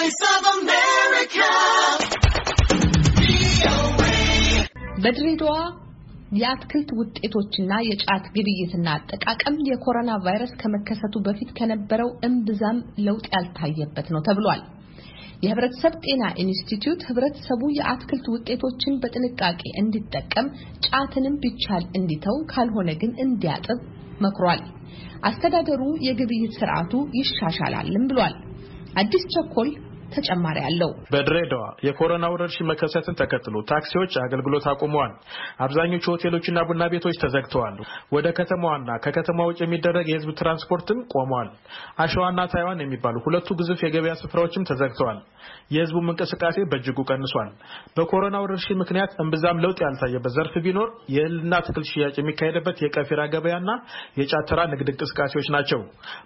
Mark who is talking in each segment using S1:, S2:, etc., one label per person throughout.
S1: Voice of America. በድሬዳዋ የአትክልት ውጤቶችና የጫት ግብይትና አጠቃቀም የኮሮና ቫይረስ ከመከሰቱ በፊት ከነበረው እምብዛም ለውጥ ያልታየበት ነው ተብሏል። የህብረተሰብ ጤና ኢንስቲትዩት ህብረተሰቡ የአትክልት ውጤቶችን በጥንቃቄ እንዲጠቀም ጫትንም ቢቻል እንዲተው ካልሆነ ግን እንዲያጥብ መክሯል። አስተዳደሩ የግብይት ስርዓቱ ይሻሻላልም ብሏል። አዲስ ቸኮል ተጨማሪ አለው። በድሬዳዋ የኮሮና ወረርሽኝ መከሰትን ተከትሎ ታክሲዎች አገልግሎት አቁመዋል። አብዛኞቹ ሆቴሎችና ቡና ቤቶች ተዘግተዋል። ወደ ከተማዋና ከከተማ ውጭ የሚደረግ የህዝብ ትራንስፖርትም ቆመዋል። አሸዋና ታይዋን የሚባሉ ሁለቱ ግዙፍ የገበያ ስፍራዎችም ተዘግተዋል። የህዝቡም እንቅስቃሴ በእጅጉ ቀንሷል። በኮሮና ወረርሽኝ ምክንያት እምብዛም ለውጥ ያልታየበት ዘርፍ ቢኖር የእህልና አትክልት ሽያጭ የሚካሄድበት የቀፊራ ገበያና የጫተራ ንግድ እንቅስቃሴዎች ናቸው።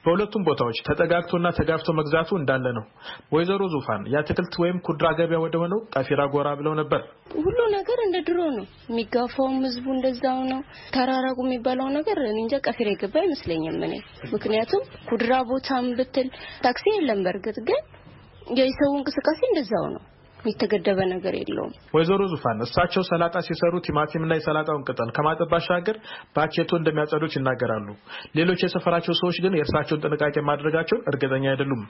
S1: በሁለቱም ቦታዎች ተጠጋግቶና ተጋፍቶ መግዛቱ እንዳለ ነው። ወይዘሮ ዙፋን የአትክልት ወይም ኩድራ ገበያ ወደ ሆነው ቀፊራ ጎራ ብለው ነበር። ሁሉ ነገር
S2: እንደ ድሮ ነው። የሚጋፋውም ህዝቡ እንደዛው ነው። ተራራቁ የሚባለው ነገር እንጃ ቀፊራ የገባ አይመስለኝም እኔ ምክንያቱም ኩድራ ቦታም ብትል ታክሲ የለም። በእርግጥ ግን የሰው እንቅስቃሴ እንደዛው ነው። የተገደበ ነገር የለውም።
S1: ወይዘሮ ዙፋን እሳቸው ሰላጣ ሲሰሩ ቲማቲምና የሰላጣውን ቅጠል ከማጠብ ባሻገር ባኬቶ እንደሚያጸዱት ይናገራሉ። ሌሎች የሰፈራቸው ሰዎች ግን የእርሳቸውን ጥንቃቄ ማድረጋቸውን እርግጠኛ አይደሉም።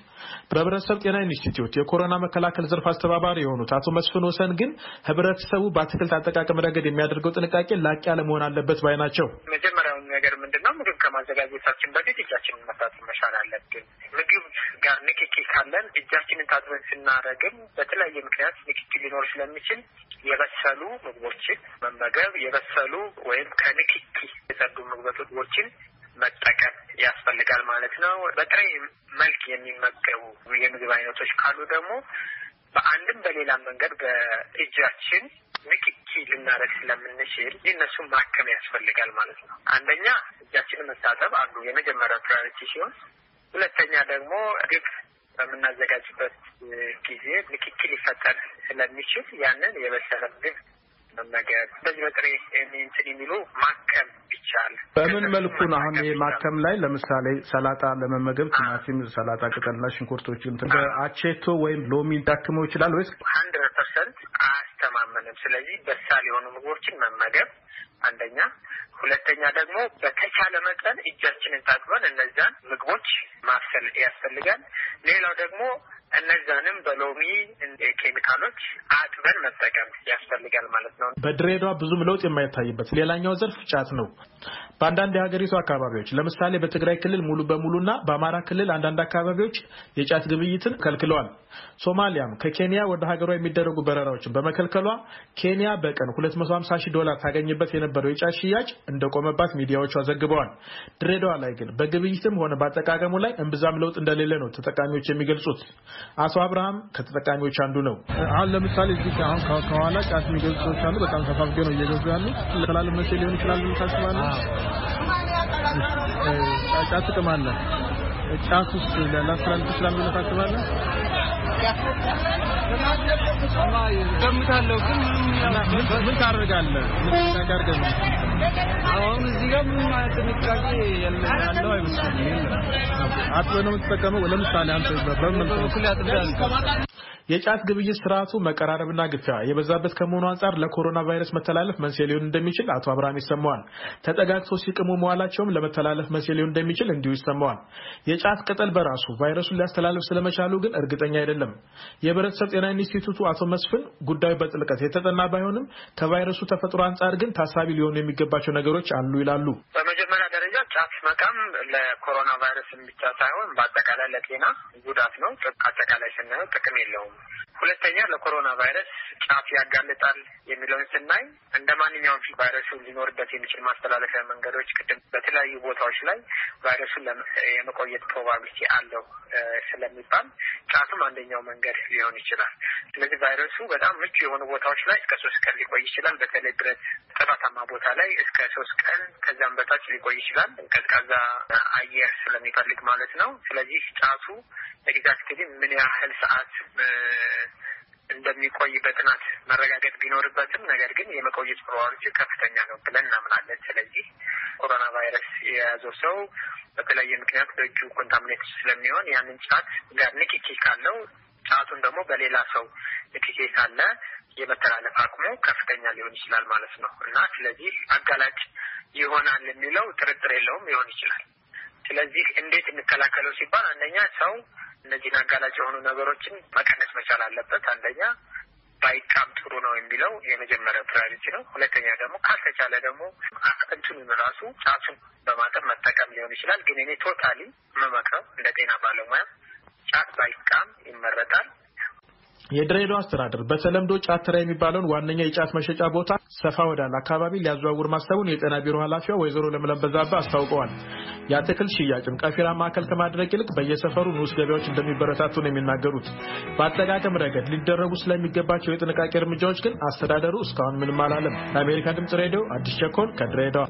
S1: በህብረተሰብ ጤና ኢንስቲትዩት የኮሮና መከላከል ዘርፍ አስተባባሪ የሆኑት አቶ መስፍን ወሰን ግን ህብረተሰቡ በአትክልት አጠቃቀም ረገድ የሚያደርገው ጥንቃቄ ላቅ ያለ መሆን አለበት ባይ ናቸው።
S2: መጀመሪያውን ነገር ምንድነው ምግብ ከማዘጋጀታችን በፊት እጃችንን መታጠብ መቻል አለብን። ምግብ ጋር ንክኪ ካለን እጃችንን ታጥበን ስናደረግም በተለያየ ምክንያት ንክኪ ሊኖር ስለሚችል የበሰሉ ምግቦችን መመገብ፣ የበሰሉ ወይም ከንክኪ የጸዱ ምግቦችን መጠቀም ያስፈልጋል ማለት ነው። በጥሬ መልክ የሚመገቡ የምግብ አይነቶች ካሉ ደግሞ በአንድም በሌላም መንገድ በእጃችን ንክኪ ልናደርግ ስለምንችል እነሱን ማከም ያስፈልጋል ማለት ነው። አንደኛ እጃችንን መታጠብ አንዱ የመጀመሪያ ፕራዮሪቲ ሲሆን ሁለተኛ ደግሞ ግብ በምናዘጋጅበት ጊዜ ንክኪ ሊፈጠር ስለሚችል ያንን የበሰለ ግብ መመገብ በዚህ በጥሬ እንትን የሚሉ ማከም ይቻል።
S1: በምን መልኩ ነው አሁን ይሄ ማከም ላይ ለምሳሌ ሰላጣ ለመመገብ ቲማቲም፣ ሰላጣ ቅጠልና ሽንኩርቶችን በአቼቶ ወይም ሎሚ ሊያክመው ይችላል ወይስ
S2: ሀንድረድ ስለዚህ በሳል የሆኑ ምግቦችን መመገብ አንደኛ፣ ሁለተኛ ደግሞ በተቻለ መጠን እጃችንን ታጥበን እነዚን ምግቦች ማፍሰል ያስፈልጋል። ሌላው ደግሞ እነዛንም በሎሚ ኬሚካሎች አጥበን መጠቀም ያስፈልጋል ማለት ነው።
S1: በድሬዳዋ ብዙም ለውጥ የማይታይበት ሌላኛው ዘርፍ ጫት ነው። በአንዳንድ የሀገሪቱ አካባቢዎች ለምሳሌ በትግራይ ክልል ሙሉ በሙሉ እና በአማራ ክልል አንዳንድ አካባቢዎች የጫት ግብይትን ከልክለዋል። ሶማሊያም ከኬንያ ወደ ሀገሯ የሚደረጉ በረራዎችን በመከልከሏ ኬንያ በቀን 250 ሺህ ዶላር ታገኝበት የነበረው የጫት ሽያጭ እንደቆመባት ሚዲያዎቿ ዘግበዋል። ድሬዳዋ ላይ ግን በግብይትም ሆነ በአጠቃቀሙ ላይ እምብዛም ለውጥ እንደሌለ ነው ተጠቃሚዎች የሚገልጹት። አቶ አብርሃም ከተጠቃሚዎች አንዱ ነው። አሁን ለምሳሌ እዚህ አሁን ከኋላ ጫት የሚገዙ ሰዎች አሉ። በጣም ተፋፍገው ነው እየገዙ ያሉ። ለተላለ መቼ ሊሆን ይችላል ታስባለ? ጫት ጥቅም አለ። ጫት ውስጥ ላስተላልፍ ይችላል ብለህ ታስባለህ? ገምታለሁ። ግን ምን ታደርጋለህ? አሁን እዚህ ጋር ምንም ጥንቃቄ ያለው አይመስለኝም። አጥቦ ነው የምትጠቀመው። ለምሳሌ አንተ በምን የጫት ግብይት ስርዓቱ መቀራረብና ግፊያ የበዛበት ከመሆኑ አንጻር ለኮሮና ቫይረስ መተላለፍ መንስኤ ሊሆን እንደሚችል አቶ አብርሃም ይሰማዋል። ተጠጋግቶ ሲቅሙ መዋላቸውም ለመተላለፍ መንስኤ ሊሆን እንደሚችል እንዲሁ ይሰማዋል። የጫት ቅጠል በራሱ ቫይረሱን ሊያስተላልፍ ስለመቻሉ ግን እርግጠኛ አይደለም። የህብረተሰብ ጤና ኢንስቲትዩቱ አቶ መስፍን ጉዳዩ በጥልቀት የተጠና ባይሆንም ከቫይረሱ ተፈጥሮ አንጻር ግን ታሳቢ ሊሆኑ የሚገባቸው ነገሮች አሉ ይላሉ።
S2: በጣም ለኮሮና ቫይረስን ብቻ ሳይሆን በአጠቃላይ ለጤና ጉዳት ነው። አጠቃላይ ስናየው ጥቅም የለውም። ሁለተኛ ለኮሮና ቫይረስ ጫፍ ያጋልጣል የሚለውን ስናይ እንደ ማንኛውም ቫይረሱ ሊኖርበት የሚችል ማስተላለፊያ መንገዶች ቅድም በተለያዩ ቦታዎች ላይ ቫይረሱን የመቆየት ፕሮባብሊቲ አለው ስለሚባል ጫፍም አንደኛው መንገድ ሊሆን ይችላል። ስለዚህ ቫይረሱ በጣም ምቹ የሆኑ ቦታዎች ላይ እስከ ሶስት ቀን ሊቆይ ይችላል። በተለይ ብረት ሙቀታማ ቦታ ላይ እስከ ሶስት ቀን ከዚያም በታች ሊቆይ ይችላል። ቀዝቃዛ አየር ስለሚፈልግ ማለት ነው። ስለዚህ ጫቱ ኤግዛክትሊ ምን ያህል ሰዓት እንደሚቆይ በጥናት መረጋገጥ ቢኖርበትም ነገር ግን የመቆየት ፕሮባብሊቲ ከፍተኛ ነው ብለን እናምናለን። ስለዚህ ኮሮና ቫይረስ የያዘው ሰው በተለያየ ምክንያት በእጁ ኮንታሚኔት ስለሚሆን ያንን ጫት ጋር ንክኪ ካለው ሰዓቱን ደግሞ በሌላ ሰው እክቴ ካለ የመተላለፍ አቅሙ ከፍተኛ ሊሆን ይችላል ማለት ነው እና ስለዚህ አጋላጭ ይሆናል የሚለው ጥርጥር የለውም ሊሆን ይችላል። ስለዚህ እንዴት እንከላከለው ሲባል አንደኛ ሰው እነዚህን አጋላጭ የሆኑ ነገሮችን መቀነስ መቻል አለበት። አንደኛ ባይቃም ጥሩ ነው የሚለው የመጀመሪያው ፕራሪቲ ነው። ሁለተኛ ደግሞ ካልተቻለ ደግሞ እንትኑን ራሱ ጫሱን በማጠብ መጠቀም ሊሆን ይችላል። ግን እኔ ቶታሊ መመክረው እንደ ጤና ባለሙያ ጫት ባይቃም ይመረጣል።
S1: የድሬዳዋ አስተዳደር በተለምዶ ጫት ተራ የሚባለውን ዋነኛ የጫት መሸጫ ቦታ ሰፋ ወዳለ አካባቢ ሊያዘዋውር ማሰቡን የጤና ቢሮ ኃላፊዋ ወይዘሮ ለምለም በዛብህ አስታውቀዋል። የአትክልት ሽያጭም ቀፊራ ማዕከል ከማድረግ ይልቅ በየሰፈሩ ንዑስ ገበያዎች እንደሚበረታቱ ነው የሚናገሩት። በአጠቃቀም ረገድ ሊደረጉ ስለሚገባቸው የጥንቃቄ እርምጃዎች ግን አስተዳደሩ እስካሁን ምንም አላለም። ለአሜሪካ ድምጽ ሬዲዮ አዲስ ቸኮል ከድሬዳዋ